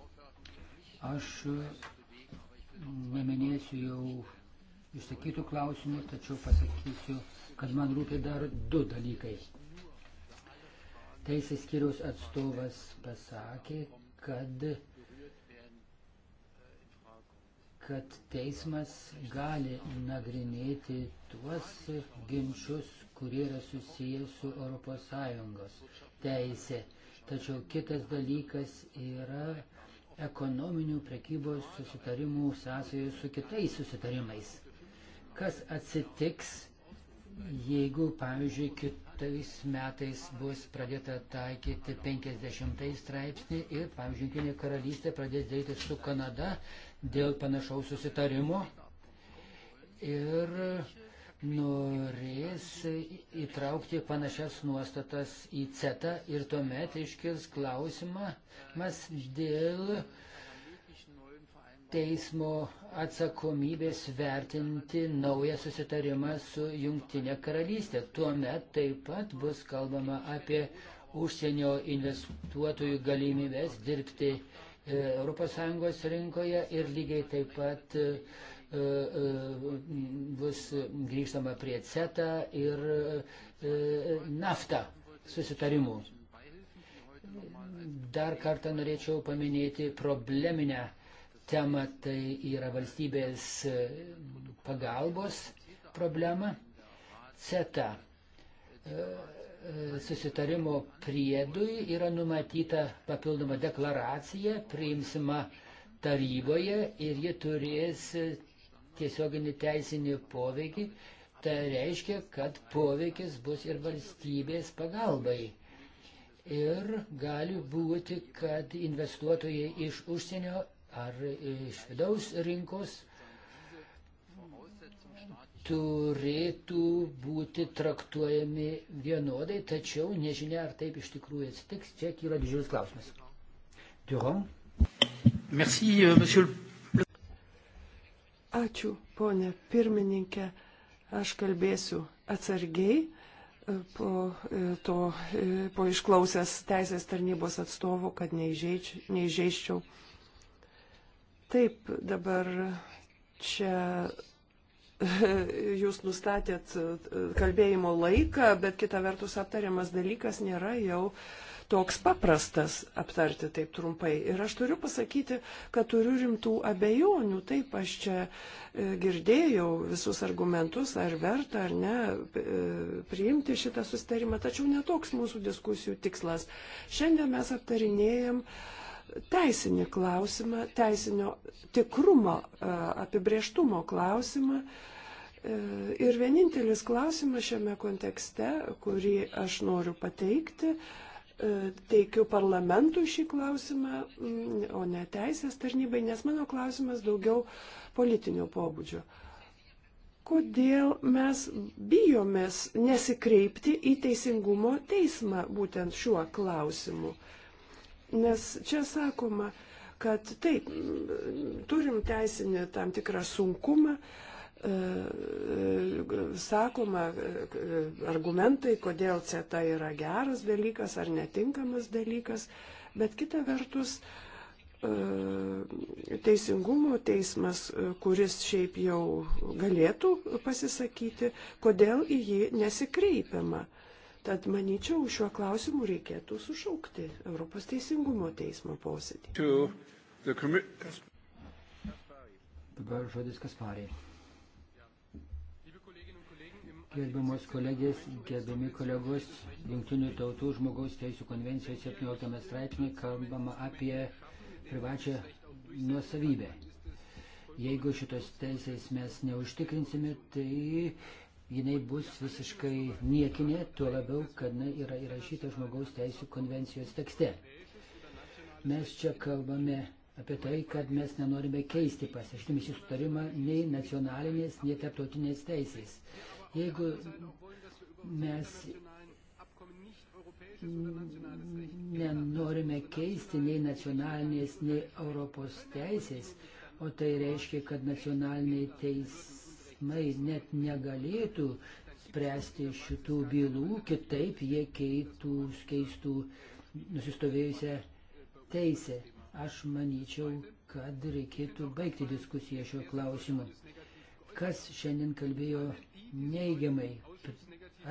Aš e, neminėsiu jau išsakytų klausimų, tačiau pasakysiu, kad man rūpia dar du dalykai teisės skyriaus atstovas pasakė, kad, kad teismas gali nagrinėti tuos ginčius, kurie yra susiję su ES teisė. Tačiau kitas dalykas yra ekonominių prekybos susitarimų sąsajų su kitais susitarimais. Kas atsitiks, jeigu, pavyzdžiui, kitais metais bus pradėta taikyti 50 straipsnį ir, pavyzdžiui, Junkinė karalystė pradės daryti su Kanada dėl panašaus susitarimo ir norės įtraukti panašias nuostatas į CETA ir tuomet iškils klausimas dėl uh, teismo atsakomybės vertinti naują susitarimą su Jungtinė karalystė. Tuomet taip pat bus kalbama apie užsienio investuotojų galimybės dirbti ES rinkoje ir lygiai taip pat e, e, bus grįžtama prie CETA ir e, NAFTA susitarimų. Dar kartą norėčiau paminėti probleminę temą, tai yra valstybės e, pagalbos problema. CETA e, e, susitarimo priedui yra numatyta papildoma deklaracija, priimsima taryboje ir ji turės tiesioginį teisinį poveikį. Tai reiškia, kad poveikis bus ir valstybės pagalbai. Ir gali būti, kad investuotojai iš užsienio ar iš vidaus rinkos turėtų būti traktuojami vienodai, tačiau nežinia, ar taip iš tikrųjų atsitiks. Čia kyla didžiulis klausimas. Duron. Merci, euh, monsieur. Ačiū, ponė
pirmininkė. Aš kalbėsiu atsargiai e, po, e, to, e, po išklausęs teisės tarnybos atstovų, kad neižeič, neižeiščiau. Neižeič, Taip, dabar čia jūs nustatėt e, kalbėjimo laiką, bet kita vertus aptariamas dalykas nėra jau toks paprastas aptarti taip trumpai. Ir aš turiu pasakyti, kad turiu rimtų abejonių. Taip, aš čia e, girdėjau visus argumentus, ar verta ar ne e, priimti šitą sustarimą, tačiau netoks mūsų diskusijų tikslas. Šiandien mes aptarinėjom uh, teisinį klausimą, teisinio tikrumo, e, apibrieštumo klausimą. E, ir vienintelis klausimas šiame kontekste, kurį aš noriu pateikti, e, teikiu parlamentui šį klausimą, mm, o ne teisės tarnybai, nes mano klausimas daugiau politinio pobūdžio. Kodėl mes bijomės nesikreipti į teisingumo teismą būtent šiuo klausimu? Uh, Nes čia sakoma, kad taip, turim teisinį tam tikrą sunkumą, e, sakoma e, argumentai, kodėl CETA yra geras dalykas ar netinkamas dalykas, bet kita vertus e, teisingumo teismas, kuris šiaip jau galėtų pasisakyti, kodėl į jį nesikreipiama. Tad manyčiau, šiuo klausimu reikėtų sušaukti Europos Teisingumo teismo posėdį.
Dabar žodis Kaspariai. Gerbiamos kolegės, gerbiami kolegos, Junktinių tautų žmogaus teisų konvencijos 17 straipsnį kalbama apie privačią nuosavybę. Jeigu šitos teisės mes neužtikrinsime, tai jinai bus visiškai niekinė, tuo labiau, kad na, yra įrašyta žmogaus teisų konvencijos tekste. Mes čia kalbame apie tai, kad mes nenorime keisti pasieštimį šį sutarimą nei nacionalinės, nei tarptautinės teisės. Jeigu mes nenorime keisti nei nacionalinės, nei Europos teisės, o tai reiškia, kad nacionaliniai teisės teismai net negalėtų spręsti šitų bylų, kitaip jie keitų, keistų nusistovėjusią teisę. Aš manyčiau, kad reikėtų baigti diskusiją šio klausimu. Kas šiandien kalbėjo neigiamai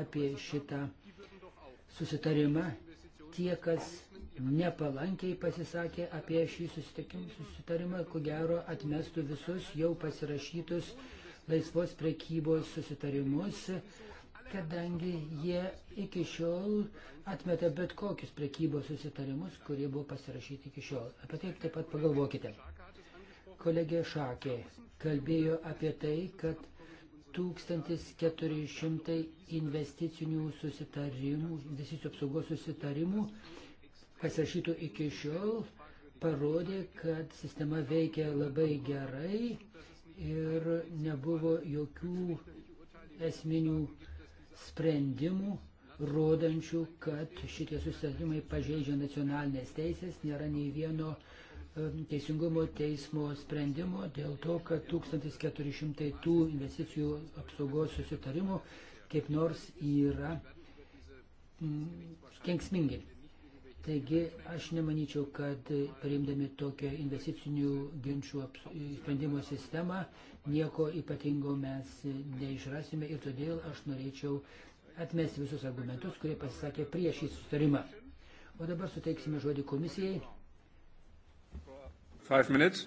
apie šitą susitarimą, tie, kas nepalankiai pasisakė apie šį susitarimą, ko gero atmestų visus jau pasirašytus uh, laisvos prekybos susitarimus, kadangi jie iki šiol atmeta bet kokius prekybos susitarimus, kurie buvo pasirašyti iki šiol. Apie tai taip pat pagalvokite. Kolegė Šakė kalbėjo apie tai, kad 1400 investicinių susitarimų, investicijų apsaugos susitarimų pasirašytų iki šiol parodė, kad sistema veikia labai gerai ir nebuvo jokių esminių sprendimų, rodančių, kad šitie susitarimai pažeidžia nacionalinės teisės, nėra nei vieno teisingumo teismo sprendimo dėl to, kad 1400 tų investicijų apsaugos susitarimų kaip nors yra mm, kenksmingi. Taigi aš nemanyčiau, kad priimdami tokią investicinių ginčių sprendimo sistemą nieko ypatingo mes neišrasime ir todėl aš norėčiau atmesti visus argumentus, kurie pasisakė prieš šį sustarimą. O dabar suteiksime žodį komisijai. Five minutes.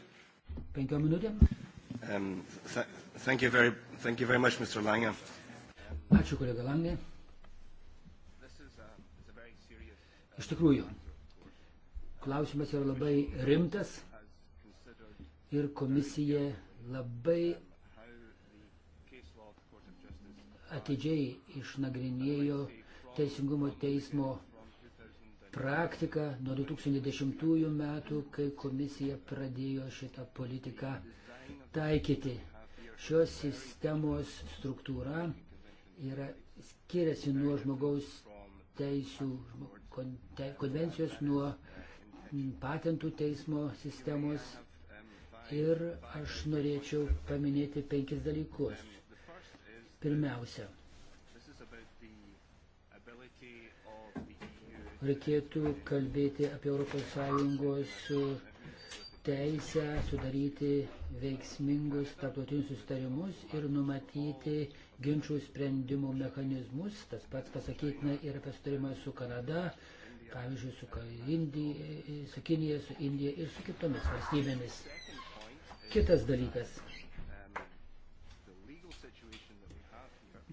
Penkiom minutėm.
Um, th thank, you very, thank you very
much, Mr. Lange. Ačiū, kolega Lange. Iš tikrųjų, klausimas yra labai rimtas ir komisija labai atidžiai išnagrinėjo Teisingumo teismo praktiką nuo 2010 metų, kai komisija pradėjo šitą politiką taikyti. Šios sistemos struktūra yra skiriasi nuo žmogaus teisų, konvencijos, nuo patentų teismo sistemos. Ir aš norėčiau paminėti penkis dalykus.
Pirmiausia,
reikėtų kalbėti apie ES teisę sudaryti veiksmingus tarptautinius sustarimus ir numatyti ginčių sprendimų mechanizmus. Tas pats pasakytina ir apie sutarimą su Kanada, pavyzdžiui, su, Indija, su Kinija, su Indija ir su kitomis valstybėmis. Kitas dalykas.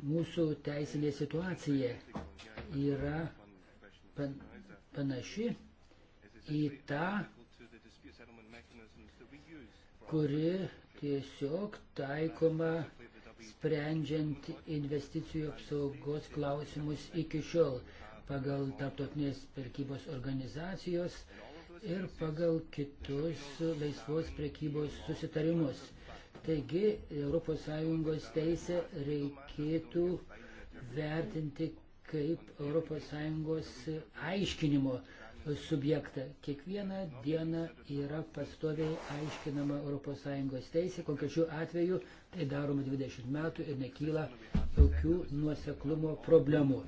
Mūsų teisinė situacija yra pan, panaši
į tą, kuri
tiesiog taikoma sprendžiant investicijų apsaugos klausimus iki šiol pagal tarptautinės prekybos organizacijos ir pagal kitus laisvos prekybos susitarimus. Taigi ES teisę reikėtų vertinti kaip ES aiškinimo subjektą. Kiekvieną dieną yra pastoviai aiškinama ES teisė, konkrečiu atveju tai daroma 20 metų ir nekyla jokių nuoseklumo problemų.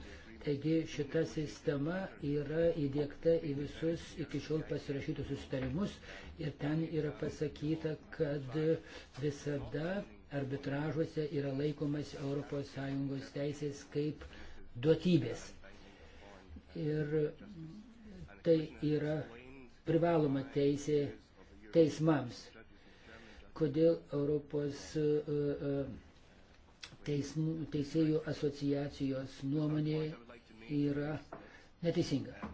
Taigi šita sistema yra įdėkta į visus iki šiol pasirašytus susitarimus ir ten yra pasakyta, kad visada arbitražuose yra laikomas ES teisės kaip duotybės. Ir tai yra privaloma teisė teismams. Kodėl Europos e, e, teismų, teisėjų asociacijos nuomonė yra neteisinga.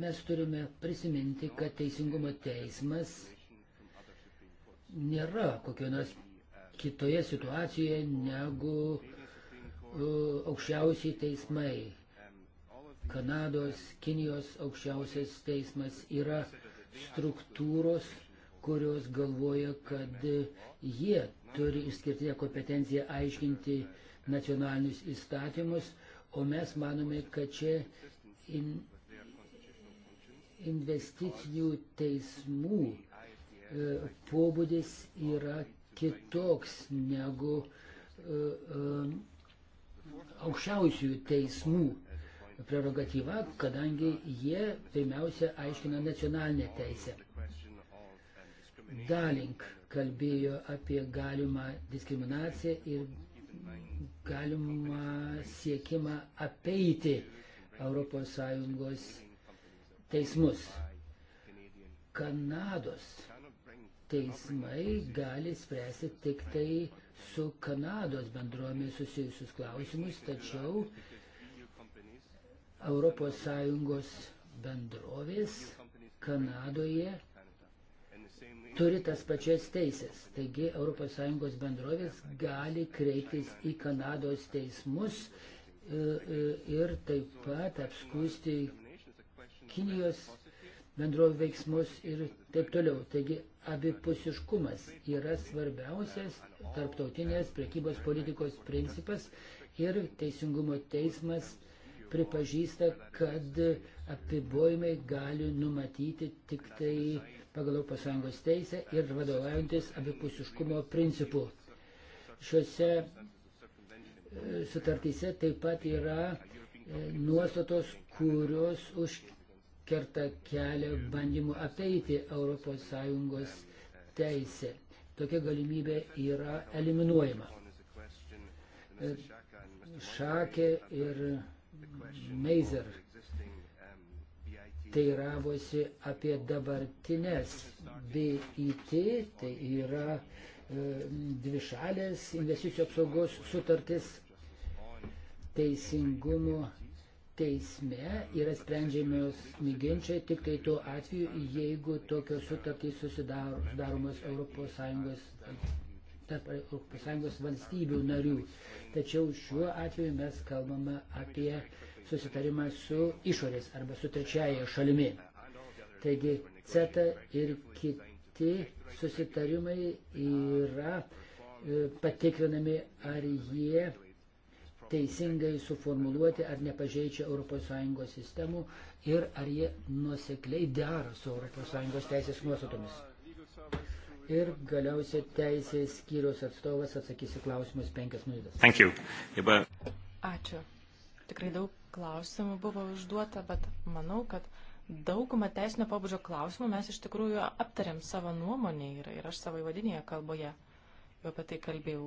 Mes turime prisiminti, kad teisingumo teismas nėra kokio nors kitoje situacijoje negu e, aukščiausiai teismai Kanados, Kinijos aukščiausias teismas yra struktūros, kurios galvoja, kad jie turi išskirtinę kompetenciją aiškinti nacionalinius įstatymus, o mes manome, kad čia in, investicinių teismų e, pobūdis yra kitoks negu e, e, aukščiausiųjų teismų prerogatyva, kadangi jie pirmiausia aiškina nacionalinę teisę. Dalink kalbėjo apie galimą diskriminaciją ir galimą siekimą apeiti ES teismus. Kanados teismai gali spręsti tik tai su Kanados bendruomis susijusius klausimus, tačiau uh, ES bendrovės Kanadoje turi tas pačias teisės. Taigi ES bendrovės gali kreiptis į Kanados teismus e, e, ir taip pat apskūsti Kinijos bendrovų veiksmus ir taip toliau. Taigi abipusiškumas yra svarbiausias tarptautinės prekybos politikos principas ir Teisingumo teismas pripažįsta, kad apribojimai gali numatyti tik tai pagal ES teisę ir vadovaujantis abipusiškumo principu. Šiuose e, sutartyse taip pat yra e, nuostatos, kurios užkerta kelią bandymų apeiti ES teisę. Tokia galimybė yra eliminuojama.
E, šakė ir Meiser teiravosi
apie dabartinės BIT, tai yra e, dvišalės investicijų apsaugos sutartis teisingumo teisme yra sprendžiamios ginčiai tik tai tuo atveju, jeigu tokios sutartys susidaromos ES tarp ES valstybių narių. Tačiau šiuo atveju mes kalbame apie susitarimą su išorės arba su trečiaja šalimi. Taigi CETA ir kiti susitarimai yra e, patikrinami, ar jie teisingai suformuluoti, ar nepažeidžia ES sistemų ir ar jie nuosekliai dera su ES teisės nuostatomis. Ir galiausiai teisės skyrius atstovas atsakysi klausimus penkias minutės. Ačiū. Ačiū. Tikrai daug klausimų
buvo užduota, bet manau, kad daugumą teisinio pabudžio klausimų mes iš tikrųjų aptarėm savo nuomonį ir, ir aš savo įvadinėje kalboje jau apie tai kalbėjau.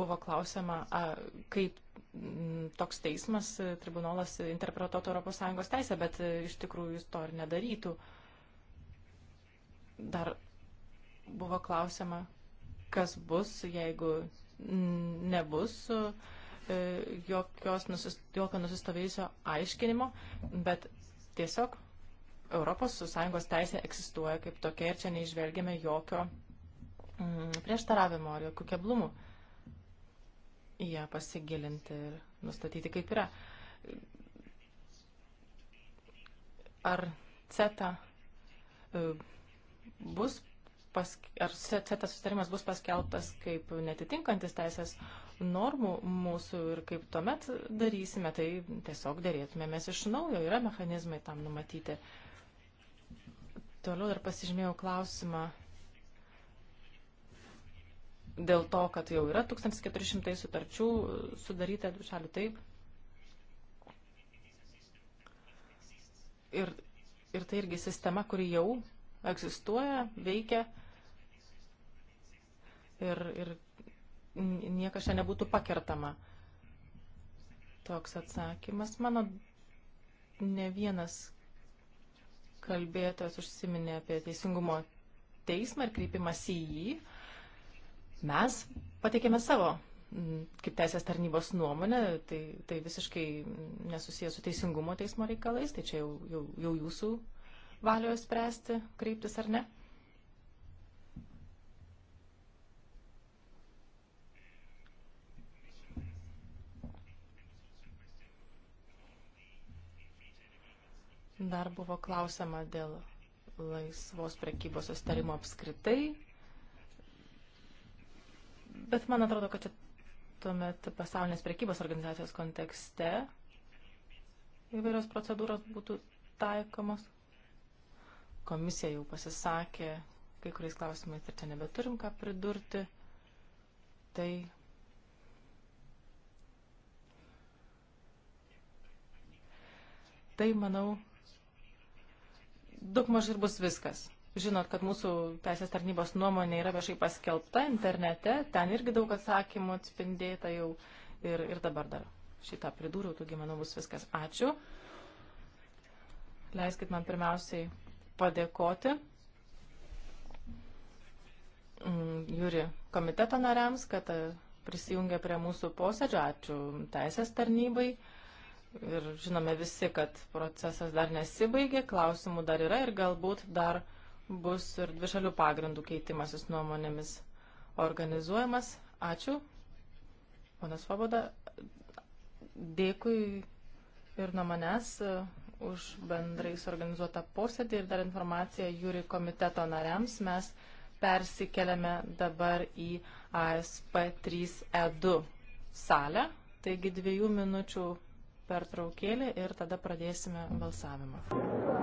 Buvo klausima, a, kaip m, toks teismas, e, tribunolas interpretuotų ES teisę, bet e, iš tikrųjų jis to ir nedarytų. Dar buvo klausima, kas bus, jeigu nebus. A, E, jokios nusist, jokio nusistovėjusio aiškinimo, bet tiesiog ES teisė egzistuoja kaip tokia ir čia neižvelgiame jokio mm, prieštaravimo ar jokių keblumų į ją pasigilinti ir nustatyti, kaip yra. Ar CETA e, bus, paske, ar CETA susitarimas bus paskelbtas kaip netitinkantis teisės normų mūsų ir kaip tuomet darysime, tai tiesiog dėrėtumėmės iš naujo, yra mechanizmai tam numatyti. Toliau dar pasižymėjau klausimą dėl to, kad jau yra 1400 sutarčių sudaryta dvišalių taip. Ir, ir tai irgi sistema, kuri jau egzistuoja, veikia ir, ir niekas čia nebūtų pakertama. Toks atsakymas. Mano ne vienas kalbėtojas užsiminė apie teisingumo teismą ir kreipimąsi į jį. Mes pateikėme savo kaip teisės tarnybos nuomonė, tai, tai visiškai nesusijęs su teisingumo teismo reikalais, tai čia jau, jau, jau jūsų valioje spręsti, kreiptis ar ne. Dar buvo klausima dėl laisvos prekybos sustarimo apskritai. Bet man atrodo, kad čia tuomet pasaulinės prekybos organizacijos kontekste įvairios procedūros būtų taikomos. Komisija jau pasisakė kai kuriais klausimais ir čia nebeturim ką pridurti. Tai tai, manau, daug maž ir bus viskas. Žinot, kad mūsų teisės tarnybos nuomonė yra viešai paskelbta internete, ten irgi daug atsakymų atspindėta jau ir, ir dabar dar šitą pridūriau, taigi manau bus viskas. Ačiū. Leiskit man pirmiausiai padėkoti mm, Jūri komiteto nariams, kad e, prisijungia prie mūsų posėdžio. Ačiū teisės tarnybai. Ir žinome visi, kad procesas dar nesibaigė, klausimų dar yra ir galbūt dar bus ir dvišalių pagrindų keitimasis nuomonėmis organizuojamas. Ačiū, ponas Svoboda. Dėkui ir nuo manęs e, už bendrai suorganizuotą posėdį ir dar informaciją jūri komiteto nariams. Mes persikeliame dabar į ASP 3E2 salę. Taigi dviejų minučių
pertraukėlė ir tada pradėsime balsavimą.